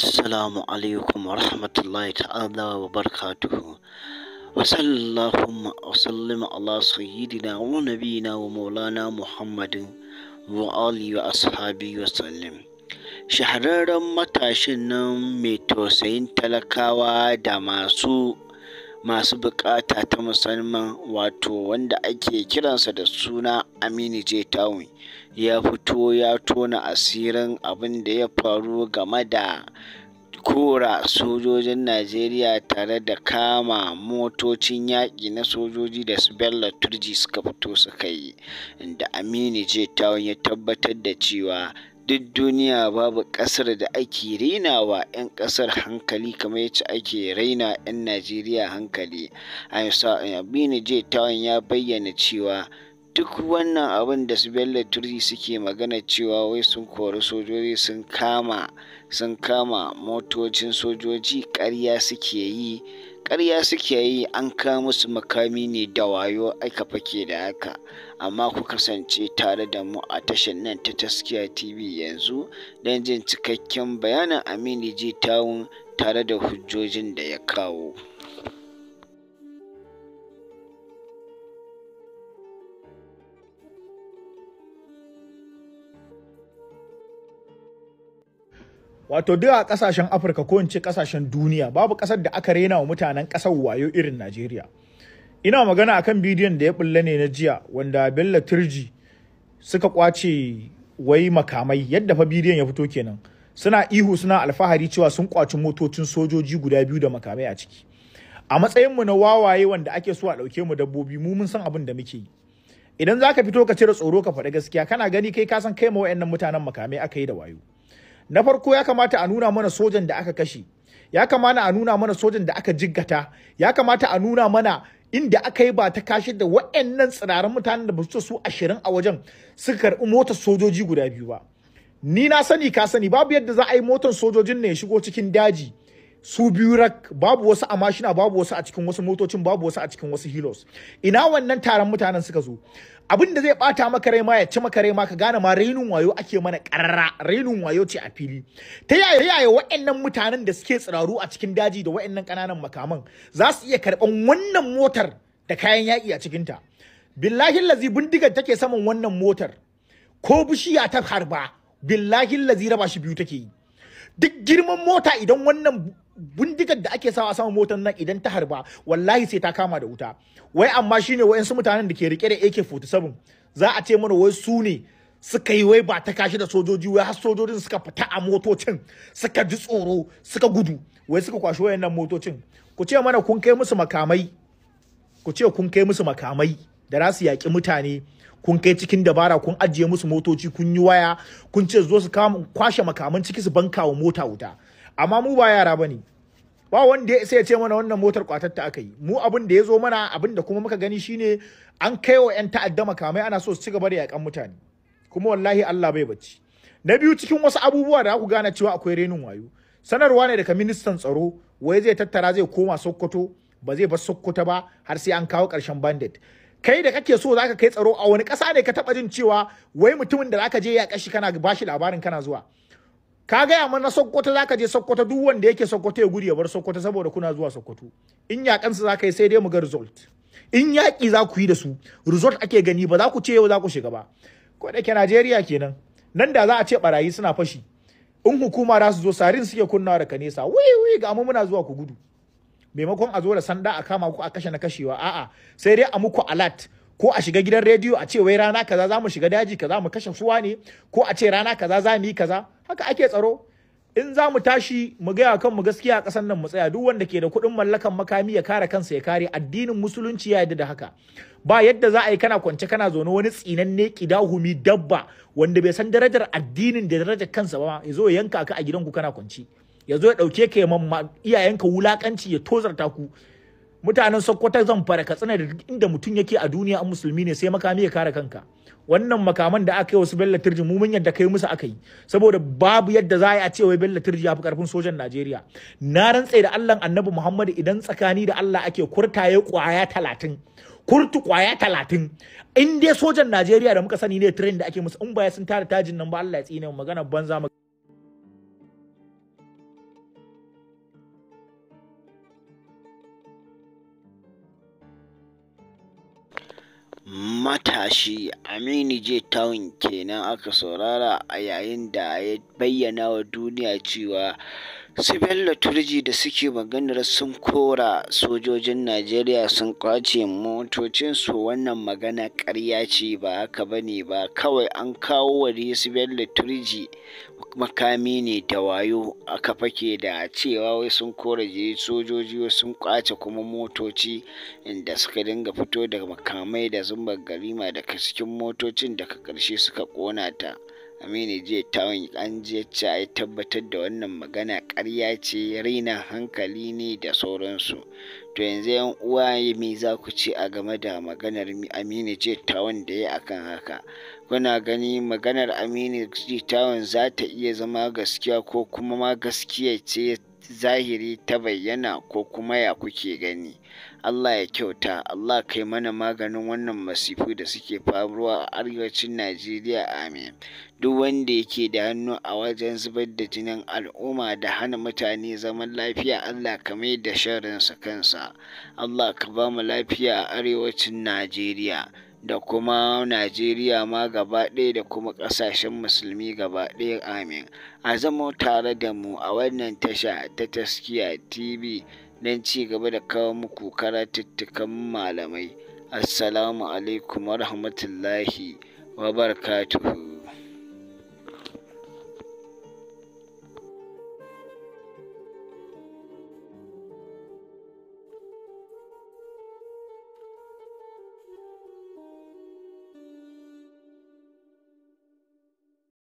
Assalamu alaikum wa rahmatullahi ta'ala wa barakatuhu. Wa sallallahu wa sallama ala sayyidina wa nabiyina wa maulana Muhammadin wa ali wa ashabi wa sallim. Shahararren matashin nan mai tausayin talakawa da masu masu buƙata ta musamman wato wanda ake kiransa da suna Aminu J Town ya fito ya tona asirin abin da ya faru game da kora sojojin Najeriya tare da kama motocin yaƙi na sojoji da su Bello Turji suka fito suka yi, inda Aminu J Town ya tabbatar da cewa duk duniya babu ƙasar da ake rainawa 'yan ƙasar hankali kamar yacce ake raina 'yan Najeriya hankali. Aminu je Tawan ya bayyana cewa duk wannan abin da su Bello Turi suke magana cewa wai sun kori sojoji sun kama sun kama motocin sojoji ƙarya suke yi. ƙarya suke yi an kawo musu makami ne da wayo aika fake da haka amma ku kasance tare da mu a tashar nan ta taskiya tv yanzu don jin cikakken bayanin aminu ji tawun tare da hujjojin da ya kawo wato duk a kasashen afirka ko in kasashen duniya babu kasar da aka rena wa mutanen kasar wayo irin najeriya ina magana akan bidiyon da ya bulla ne na jiya wanda bello turji suka kwace wai makamai yadda fa bidiyon ya fito kenan suna ihu suna alfahari cewa sun kwaci motocin sojoji guda biyu da makamai a ciki a matsayin mu na wawaye wanda ake so a ɗauke mu dabbobi mu mun san abin da muke yi idan za ka fito ka cire tsoro ka faɗi gaskiya kana gani kai ka san kai ma wayannan mutanen makamai aka yi da wayo na farko ya kamata a nuna mana sojan da aka kashe ya kamata a nuna mana sojan da aka jiggata ya kamata a nuna mana inda aka yi ba ta kashe da waɗannan tsirarin mutanen da ba su su ashirin a wajen suka karɓi motar sojoji guda biyu ba ni na sani ka sani babu yadda za a yi motar sojojin ne ya shigo cikin daji su biyu rak babu wasu a mashina babu wasu a cikin wasu motocin babu wasu a cikin wasu hilos ina wannan taron mutanen suka zo abin da zai bata maka rai ma ya ci maka rai ma ka gane ma rainin wayo ake mana karara rainin wayo ce a fili ta yaya yaya waɗannan mutanen da suke tsiraru a cikin daji da waɗannan ƙananan makaman za su iya karɓan wannan motar da kayan yaki a cikin ta. billahi lazi bindigar take saman wannan motar ko bishiya ta harba billahi lazi raba shi biyu take yi duk girman mota idan wannan bindigar da ake sawa a saman motar nan idan ta harba wallahi sai ta kama da wuta wai amma shine wayansu mutanen da ke rike da AK47 za a ce mana wai su ne suka yi wai ba ta kashi da sojoji wai har sojojin suka fita a motocin suka ji tsoro suka gudu wai suka kwashi wayannan motocin ku ce mana kun kai musu makamai ku ce kun kai musu makamai da za su yaƙi mutane kun kai cikin dabara kun ajiye musu motoci kun yi waya kun ce zo su kwashe makaman ciki su banka wa mota wuta amma mu ba yara bane ba wanda ya ya ce mana wannan motar kwatar aka yi mu abin da ya zo mana abin da kuma muka gani shine an kai wa 'yan ta'adda makamai ana so su ci gaba da yakan mutane kuma wallahi Allah bai bacci na biyu cikin wasu abubuwa da aku gane cewa akwai renin wayo sanarwa ne daga ministan tsaro wai zai tattara zai koma Sokoto ba zai bar Sokoto ba har sai an kawo karshen bandit kai da kake so zaka kai tsaro a wani ƙasa ne ka taba jin cewa wai mutumin da zaka je ya kashi kana bashi labarin kana zuwa ka gaya mana sokoto zaka je sokoto duk wanda yake sokoto ya gudu ya bar sokoto saboda kuna zuwa sokoto in kansu zaka yi sai dai mu ga result in yaƙi za ku yi da su result ake gani ba za ku ce yau za ku shiga ba ko da ke Najeriya kenan nan da za a ce barayi suna fashi in hukuma za su zo sarin suke kunnawa da kanesa wai wai ga mu muna zuwa ku gudu maimakon a zo da sanda a kama ku a kashe na kashewa a'a sai dai a muku alert ko a shiga gidan rediyo a ce wai rana kaza za mu shiga daji kaza mu kashe suwa ne ko a ce rana kaza za mu yi kaza haka ake tsaro in za mu tashi mu gaya kan mu gaskiya a ƙasar nan mu tsaya duk wanda ke da kuɗin mallakan makami ya kare kansa ya kare addinin musulunci ya yarda da haka ba yadda za a yi kana kwance kana zaune wani tsinanne kidahumi dabba wanda bai san darajar addinin da darajar kansa ba ya zo ya yanka ka a gidanku kana kwance. ya zo ya ɗauke ka ya mamma iyayenka wulakanci ya tozarta ku mutanen sokoto zan fara katsina da duk inda mutum yake a duniya an musulmi ne sai makami ya kare kanka wannan makaman da aka yi wasu bella turji mu mun yadda kai musu aka yi saboda babu yadda za a ce wai bella turji ya fi karfin sojan Najeriya na rantse da Allah Annabi Muhammad idan tsakani da Allah ake kurtaye kwaya talatin kurtu kwaya talatin in dai sojan Najeriya da muka sani ne train da ake musu in baya sun tara tajin nan ba Allah ya tsine magana banza Matashi Aminu J. Town kenan aka saurara a yayin da ya bayyana wa duniya cewa Su Bello Turji da suke maganar sun kora sojojin Najeriya sun ƙwace motocinsu wannan magana karya ce ba haka ba ne ba kawai an kawo wari su Bello Turji makami ne da wayo aka fake da cewa wai sun kora sojoji sun kwace kuma motoci inda suka dinga fito da makamai da zumbar garima daga cikin motocin daga ƙarshe suka ƙona ta. Aminu je tawon an je ya tabbatar da wannan magana karya ce raina hankali ne da sauransu. To yanzu yan uwa me za ku ce a game da maganar Aminu je tawon da ya akan haka? Kuna gani maganar Aminu je tawon za ta iya zama gaskiya ko kuma ma gaskiya ce zahiri ta bayyana ko kuma ya kuke gani? Allah ya kyauta Allah kai mana maganin wannan masifu da suke faruwa a arewacin Najeriya amin duk wanda yake da hannu a wajen zubar da jinin al'umma da hana mutane zaman lafiya Allah ka mai da sharrinsa kansa Allah ka ba mu lafiya a arewacin Najeriya da kuma Najeriya ma gaba ɗaya da kuma ƙasashen musulmi gaba ɗaya amin. A zama tare da mu a wannan tasha ta taskiya TV don ci gaba da kawo muku karatuttukan malamai. Assalamu alaikum wa rahmatullahi wa barakatuhu.